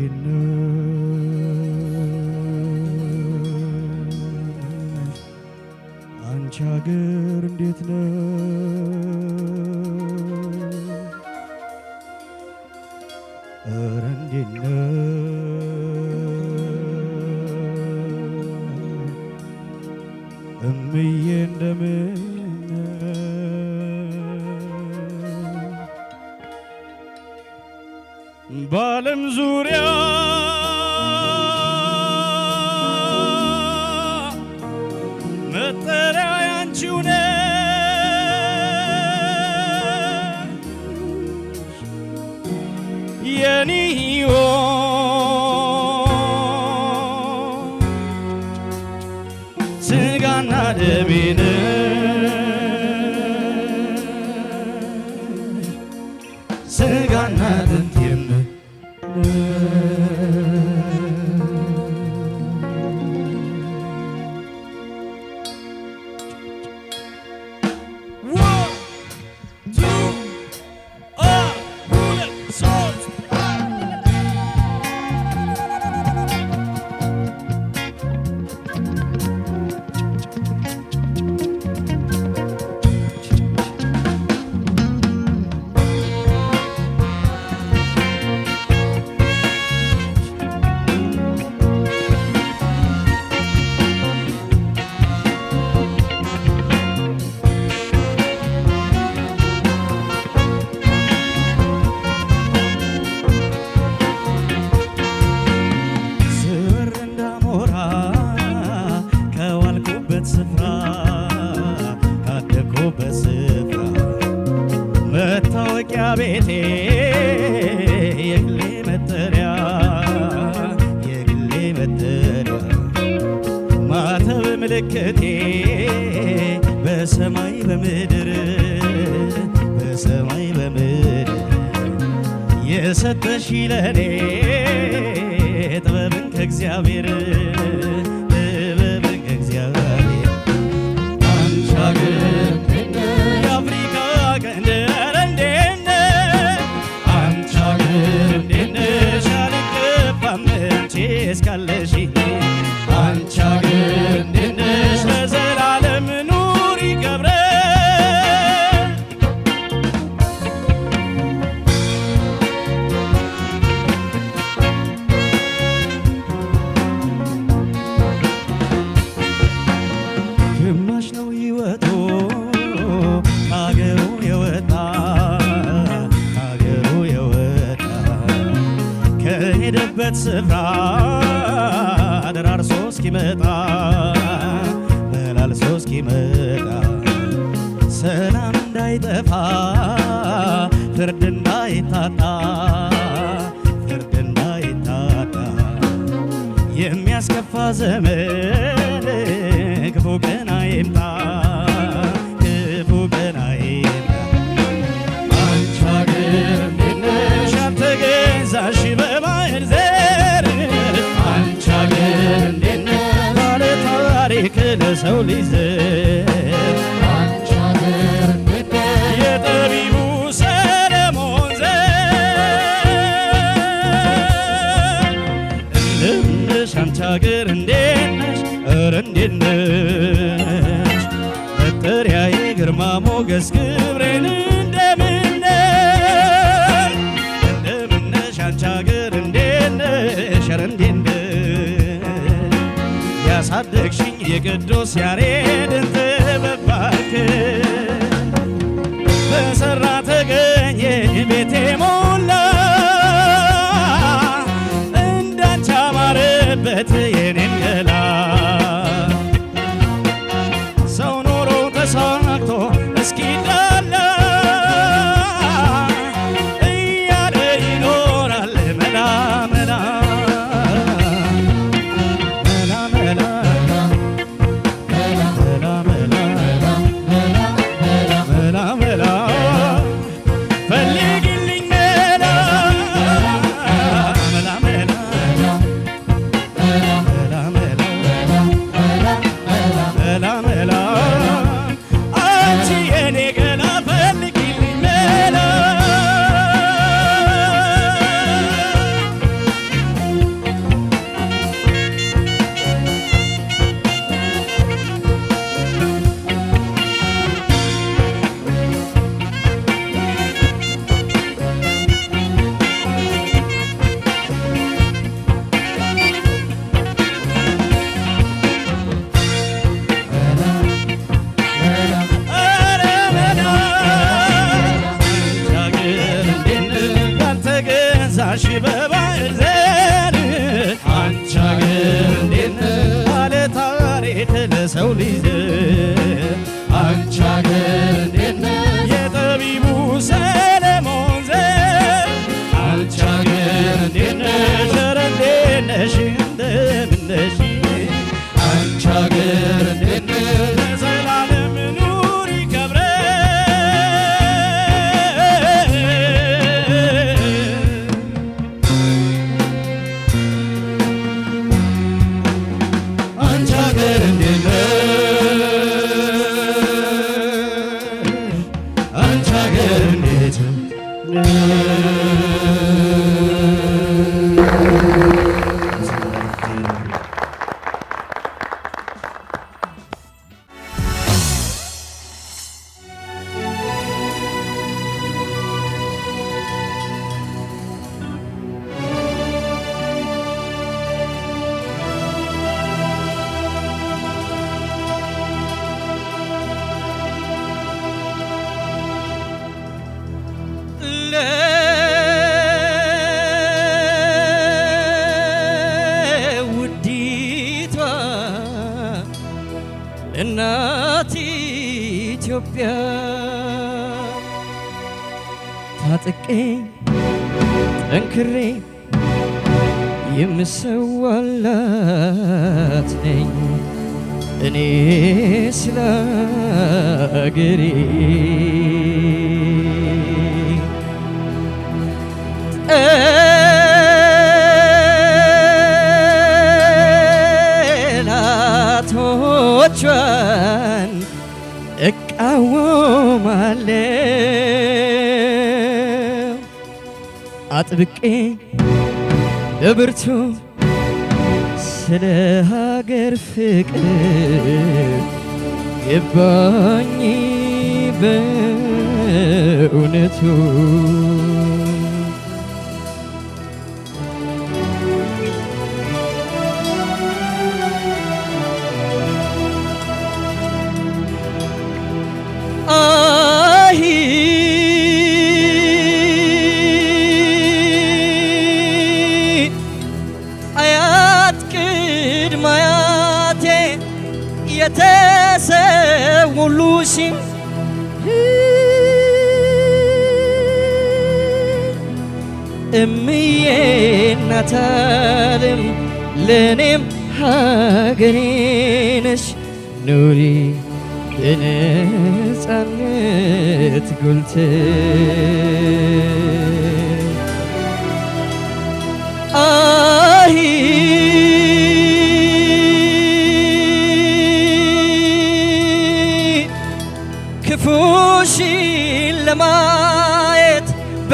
እንዴት አንቺ ሀገር እንዴት ነው? መጠሪያ ያንቺው ቤቴ የግሌ መጠሪያ የግሌ መጠሪያ ማተብ ምልክቴ በሰማይ በምድር በሰማይ በምድር የሰጠሽ ለኔ ጥበብን ከእግዚአብሔር ሕይወቱ አገሩ የወጣ አገሩ የወጣ ከሄደበት ስፍራ ደራርሶ እስኪመጣ መላልሶ እስኪመጣ ሰላም እንዳይጠፋ ፍርድ እንዳይታጣ ፍርድ እንዳይታጣ የሚያስከፋ ዘመን ክፉ ቀን አይምጣ ያሳደግሽኝ የቅዱስ ያሬድን ጥበብ ባክን በሰራ ተገኘ ቤቴ ሞላ እንዳንቺ ያማረበት የኔ Tage የምሰዋላት ነኝ እኔ ስለ አገሬ ጠላቶቿን እቃወማለሁ አጥብቄ ለብርቱ ስለ ሀገር ፍቅር ገባኝ በእውነቱ እምዬ እናት ዓለም ለእኔም ሀገሬ ነሽ። ኑሪ በነፃነት ጎልተሽ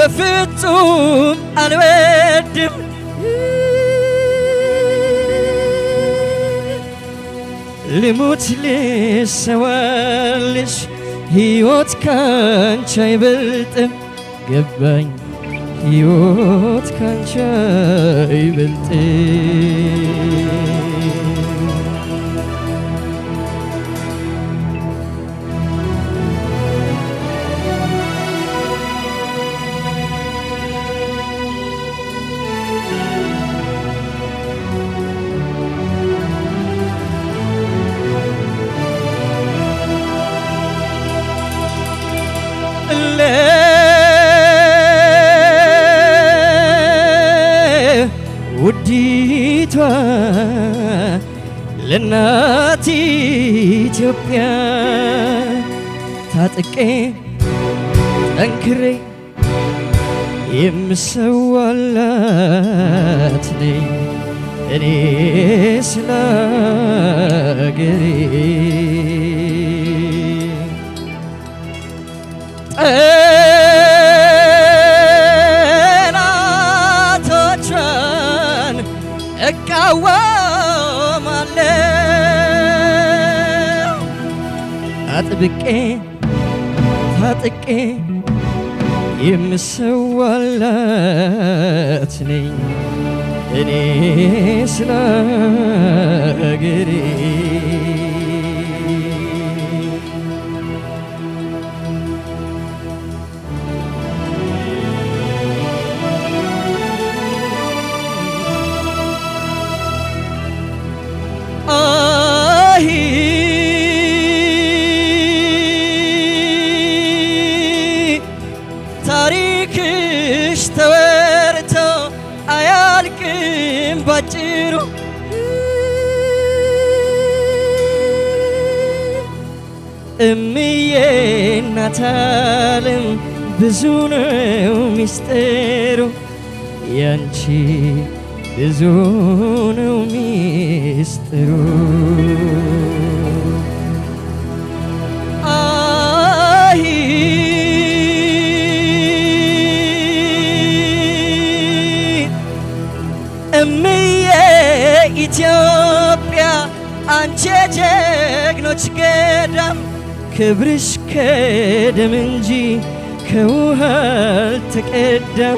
በፍጹም አልወድም ልሙት ልሰዋልሽ ሕይወት ካንቺ አይበልጥም ገባኝ ሕይወት ካንቺ አይበልጥም ውዲቷ ለእናት ኢትዮጵያ ታጥቄ ጠንክሬ የምሰዋላት ነኝ እኔ ስለ አጥብቄ ታጥቄ የምሰዋለት ነኝ እኔ ስለ እግሬ አልቻለም ብዙ ነው ሚስጥሩ ያንቺ ብዙ ነው ሚስጥሩ كبرش كدم انجي كوهل تقدم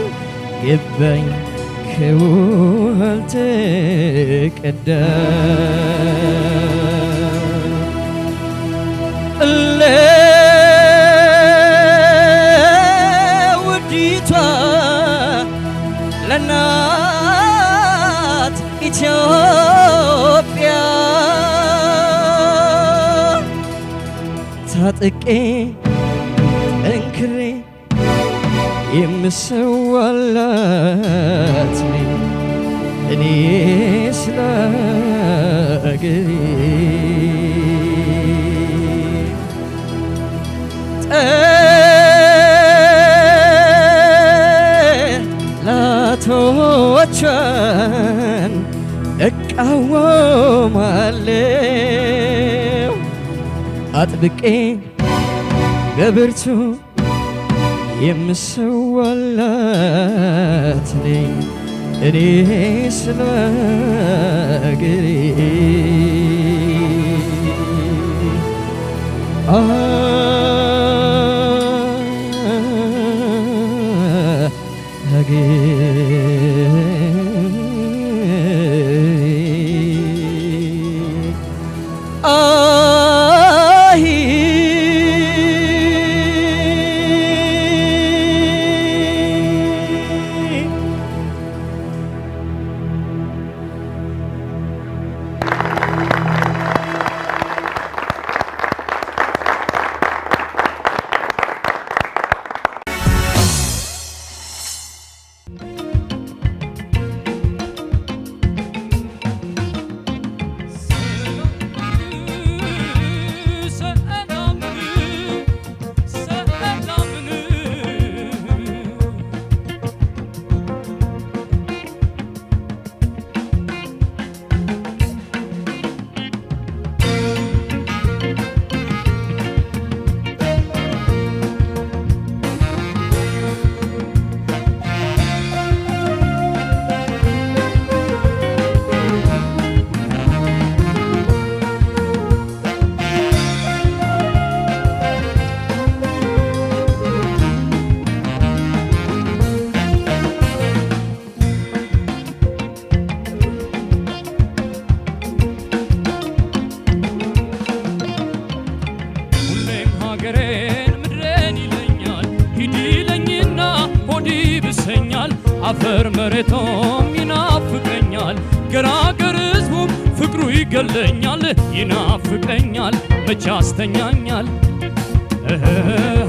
يبين كوهل تقدم لا ታጥቄ ጠንክሬ የምሰዋላት እኔ ስለ እግሬ ጠላቶቿን እቃወማለሁ አጥብቄ በብርቱ የምሰዋላት ነኝ እኔ ስለ እግሬ እግሬ አፈር መሬቶም ይናፍቀኛል፣ ገራገር ህዝቡም ፍቅሩ ይገለኛል። ይናፍቀኛል መቼ አስተኛኛል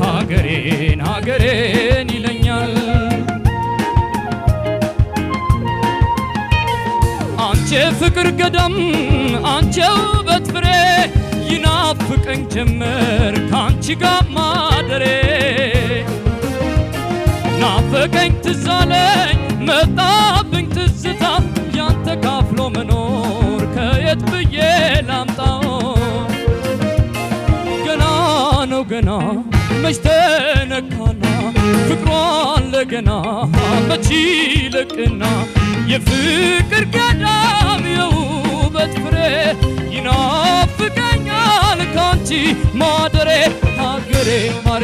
ሀገሬን ሀገሬን ይለኛል። አንቼ ፍቅር ገዳም አንቼው ውበት ፍሬ ይናፍቀኝ ጀመር ካንቺ ጋር ማደሬ ናፈቀኝ ትዝ መጣብኝ ትዝታ ያንተ ካፍሎ መኖር ከየት ብዬ ላምጣው? ገና ነው ገና መች ተነካና ፍቅሯን ለገና መች ይለቅና የፍቅር ገዳም የውበት ፍሬ ይናፍቀኛል ካንቺ ማደሬ ሀገሬ ማሬ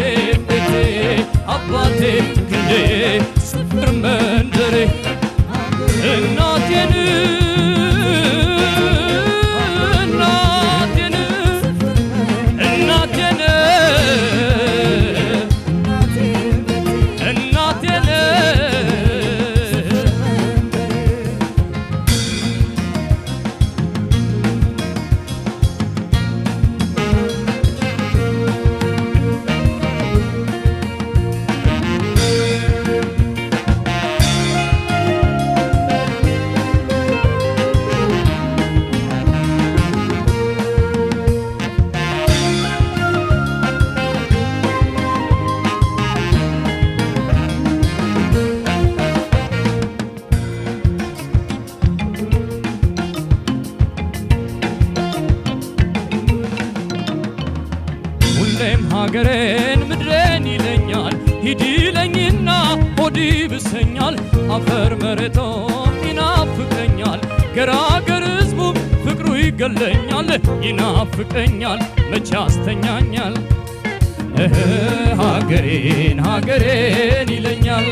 حبتي حبتي كلي سفر من دري ይገለኛል ይናፍቀኛል መቼ ያስተኛኛል ሀገሬን ሀገሬን ይለኛል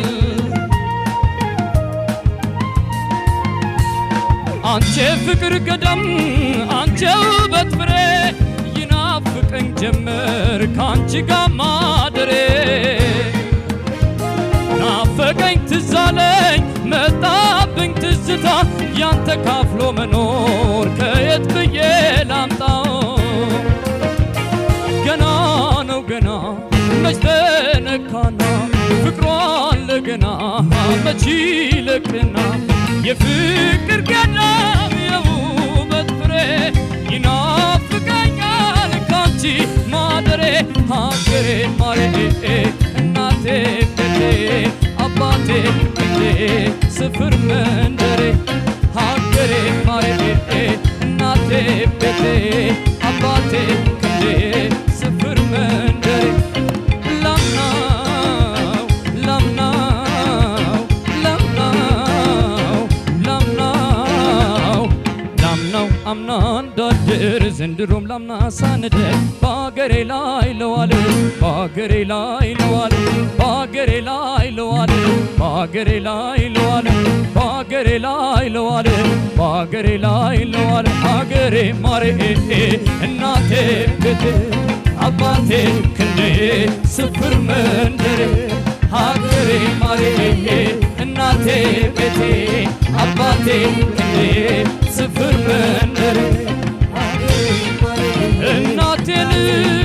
አንቺ ፍቅር ገዳም አንቺ ውበት ፍሬ ይናፍቀኝ ጀመር ከአንቺ ጋር ማደሬ ናፈቀኝ ትዛለኝ መጣብኝ ትዝታ ያንተ ካፍሎ መኖር ከየት ብዬ ላምጣው? ገና ነው ገና መች ተነካና ፍቅሯን ለገና መች ይለቅና የፍቅር ገዳም የውበት ፍሬ ይናፍቀኛል ካንቺ ማደሬ ሀገሬ ማሬ እናቴ ባንቴ እንዴ ስፍር መንደሬ ሀገሬ ማረቴ እናቴ ቤቴ አባቴ ክንዴ ላምና ሳንደ በአገሬ ላይ ለዋል በአገሬ ላይ ለዋል በአገሬ ላይ ለዋል በአገሬ ላይ ለዋል በአገሬ ላይ ለዋል በአገሬ ላይ ለዋል አገሬ ማሬ እናቴ ቤቴ አባቴ ክንዴ ስፍር መንደሬ ሀገሬ ማሬ እናቴ ቤቴ አባቴ ክንዴ ስፍር መንደሬ till nu